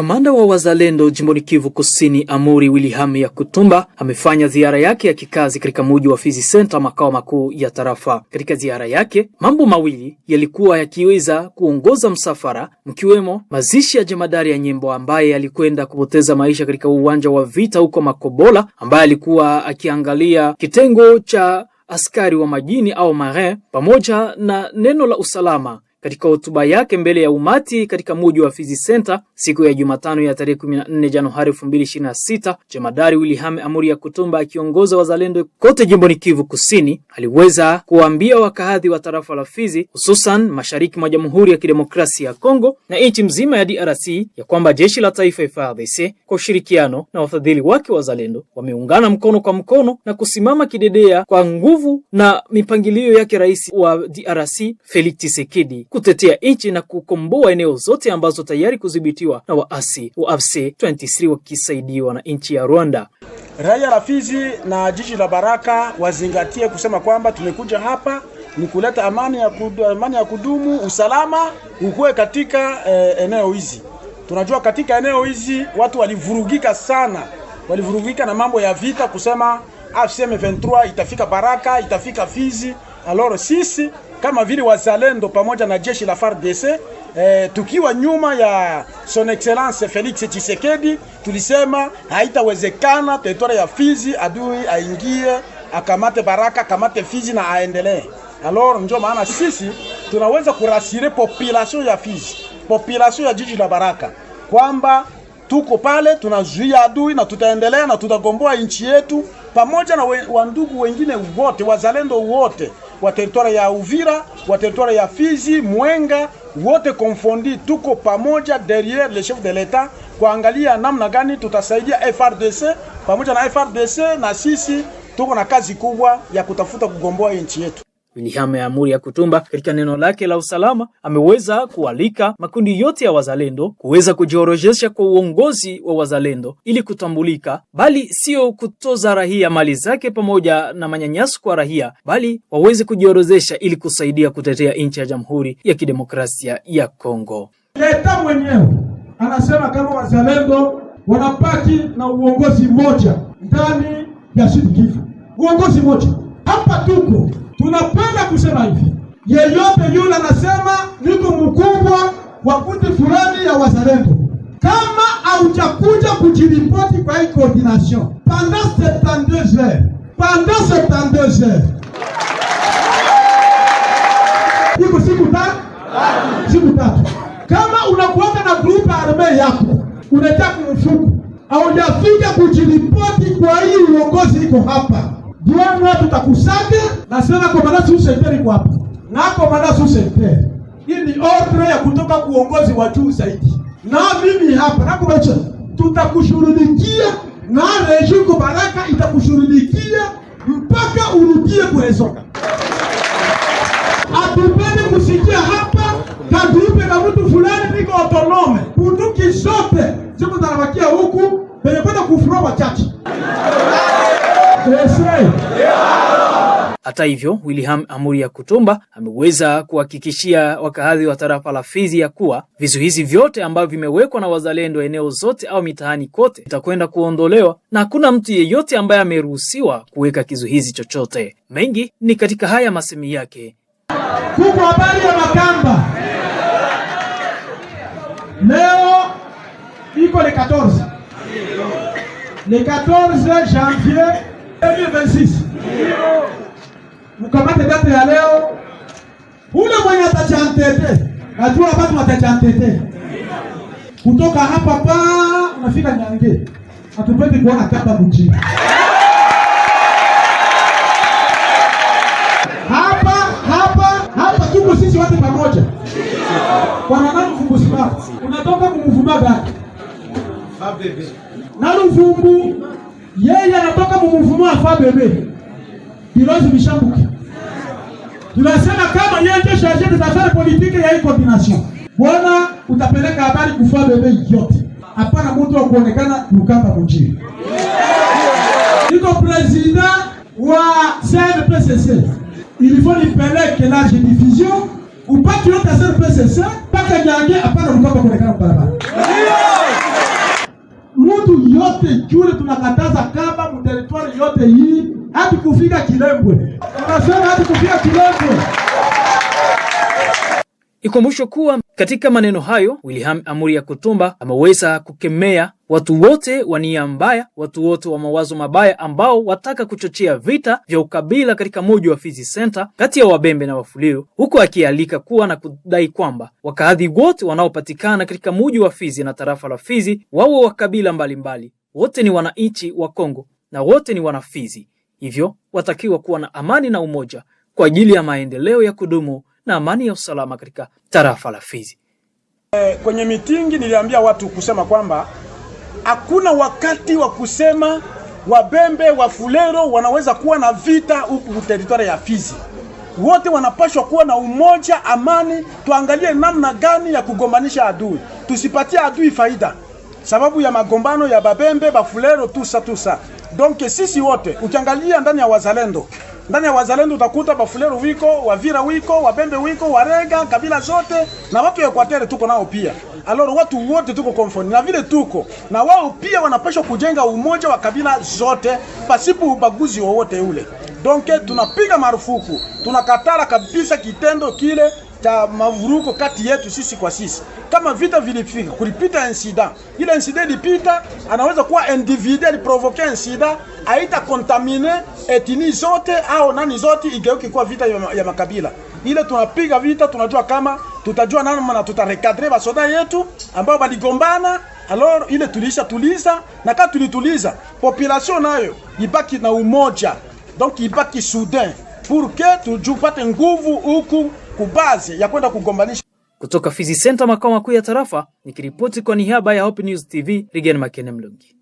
Kamanda wa wazalendo jimboni Kivu Kusini, Amuri ya kutumba amefanya ziara yake ya kikazi katika muji wa Fizi Senta, makao makuu ya tarafa. Katika ziara yake, mambo mawili yalikuwa yakiweza kuongoza msafara, mkiwemo mazishi ya jemadari ya Nyembo ambaye alikwenda kupoteza maisha katika uwanja wa vita huko Makobola, ambaye alikuwa akiangalia kitengo cha askari wa majini au marin, pamoja na neno la usalama katika hotuba yake mbele ya umati katika muji wa Fizi Center siku ya Jumatano ya tarehe 14 Januari 2026, jemadari William Amuri ya kutumba akiongoza wazalendo kote jimboni Kivu Kusini aliweza kuwaambia wakaadhi wa tarafa la Fizi, hususan mashariki mwa Jamhuri ya Kidemokrasia ya Kongo na nchi mzima ya DRC ya kwamba jeshi la taifa FARDC kwa ushirikiano na wafadhili wake wazalendo wameungana mkono kwa mkono na kusimama kidedea kwa nguvu na mipangilio yake rais wa DRC Felix Tshisekedi kutetea nchi na kukomboa eneo zote ambazo tayari kudhibitiwa na waasi wa AFC-23 wakisaidiwa na nchi ya Rwanda. Raia la Fizi na jiji la Baraka wazingatie kusema kwamba tumekuja hapa ni kuleta amani ya kudumu, amani ya kudumu, usalama ukuwe katika eh, eneo hizi. Tunajua katika eneo hizi watu walivurugika sana, walivurugika na mambo ya vita, kusema AFC M23 itafika Baraka, itafika Fizi. Alors sisi kama vile wazalendo pamoja na jeshi la FARDC eh, tukiwa nyuma ya son excellence Felix Tshisekedi, tulisema haitawezekana teritoria ya Fizi adui aingie akamate Baraka akamate Fizi na aendelee. Alors ndio maana sisi tunaweza kurasire population ya Fizi, population ya jiji la Baraka kwamba tuko pale tunazuia adui na tutaendelea na tutagomboa nchi yetu pamoja na wandugu wengine wote wazalendo wote wa teritwari ya Uvira, wa teritwari ya Fizi, Mwenga, wote konfondi, tuko pamoja derrière le chef de l'etat kuangalia namna gani tutasaidia FRDC. Pamoja na FRDC na sisi tuko na kazi kubwa ya kutafuta kugomboa nchi yetu. William Amuri Yakutumba katika neno lake la usalama ameweza kualika makundi yote ya wazalendo kuweza kujiorojesha kwa uongozi wa wazalendo ili kutambulika, bali sio kutoza rahia mali zake pamoja na manyanyaso kwa rahia bali waweze kujiorozesha ili kusaidia kutetea nchi ya Jamhuri ya Kidemokrasia ya Kongo. Leta mwenyewe anasema kama wazalendo wanapaki na uongozi mmoja ndani ya Sud-Kivu, uongozi mmoja hapa tuko Tunapenda kusema hivi, yeyote yule anasema niko mkubwa wa kundi fulani ya wazalendo, kama haujakuja kujiripoti kwa hii coordination pendant 72 heures, pendant 72 heures iko siku tatu, siku tatu. Kama unakuwaka na grupa arme yako unataka kumfuku, haujafika kujiripoti kwa hii uongozi iko hapa Bwana tutakusanya nasema komanda susenteri kwapa na komanda susenteri. Hii ni ordre ya kutoka kuongozi wa juu zaidi, na mimi hapa nakubacha, tutakushurudikia na rejiko baraka itakushurudikia mpaka urudie kurezoka. Atupende kusikia hapa katuipe na mtu fulani niko autonome, bunduki zote ziko zinabakia huku penye kwenda kufurua wachache Hata hivyo, William Amuri ya kutumba ameweza kuhakikishia wakaazi wa tarafa la Fizi ya kuwa vizuizi vyote ambavyo vimewekwa na wazalendo eneo zote au mitaani kote vitakwenda kuondolewa na hakuna mtu yeyote ambaye ameruhusiwa kuweka kizuizi chochote. Mengi ni katika haya masemi yake kubwa. Habari ya Makamba leo iko le 14 le 14 janvier 2026 mkamate date ya leo. Ule mwenye atachantete, najua watu watachantete kutoka hapa pa unafika Nyange, hatupendi kuona kamba mjini hapa hapa hapa, tuko sisi wote pamoja. Bwana Mvumbusimama, unatoka kumvuma gani? Naluvumbu yeye anatoka mumvuma afabebe bilozi bishambuke. Tunasema kama yeye ndio charge affaires politique ya coordination. Bwana utapeleka habari kufaa bebe yote. Hapana mtu wa kuonekana Lukamba mjini. Niko president wa CNPCC. Il faut nipeleke la division upaki yote CNPCC mpaka nyange hapana Lukamba kuonekana barabara. Mtu yote jule tunakataza kama mteritwari yote hii hadi kufika Kilembwe, unasema hadi kufika Kilembwe. Ikumbushwe kuwa katika maneno hayo William Amuri ya kutumba ameweza kukemea watu wote wa nia mbaya, watu wote wa mawazo mabaya ambao wataka kuchochea vita vya ukabila katika mji wa Fizi Center kati ya Wabembe na wafulio huku akialika kuwa na kudai kwamba wakaadhi wote wanaopatikana katika mji wa Fizi na tarafa la Fizi wawe wa kabila mbalimbali, wote ni wananchi wa Kongo na wote ni wanafizi. Hivyo watakiwa kuwa na amani na umoja kwa ajili ya maendeleo ya kudumu na amani ya usalama katika tarafa la Fizi. E, kwenye mitingi niliambia watu kusema kwamba hakuna wakati wa kusema Wabembe wa Fulero wanaweza kuwa na vita huku teritoria ya Fizi. Wote wanapashwa kuwa na umoja, amani. Tuangalie namna gani ya kugombanisha adui, tusipatie adui faida sababu ya magombano ya Babembe, Bafulero, tusa tusa. Donc sisi wote ukiangalia ndani ya wazalendo ndani ya wazalendo utakuta Bafulero wiko Wavira wiko Wabembe wiko Warega, kabila zote na watu ya Ekwatere tuko nao pia. Alors watu wote tuko konfoni na vile tuko na wao pia, wanapaswa kujenga umoja wa kabila zote pasipo ubaguzi wowote ule donke tunapiga marufuku, tunakatala kabisa kitendo kile cha mavuruko kati yetu sisi kwa sisi. Kama vita vilipita kulipita incident, ile incident ilipita, anaweza kuwa individu aliprovoke incident, aita kontamine etini zote au nani zote, igeuke kuwa vita ya makabila. Ile tunapiga vita, tunajua kama tutajua nani na tutarekadre basoda yetu ambao baligombana alors ile tulisha tuliza, na kama tulituliza population nayo ibaki na umoja donc ibaki soudain purke tujupate nguvu huku kubazi ya kwenda kugombanisha. Kutoka Fizi Center, makao makuu ya tarafa, nikiripoti kwa niaba ya Hope News TV, Rigen Makene Mlungi.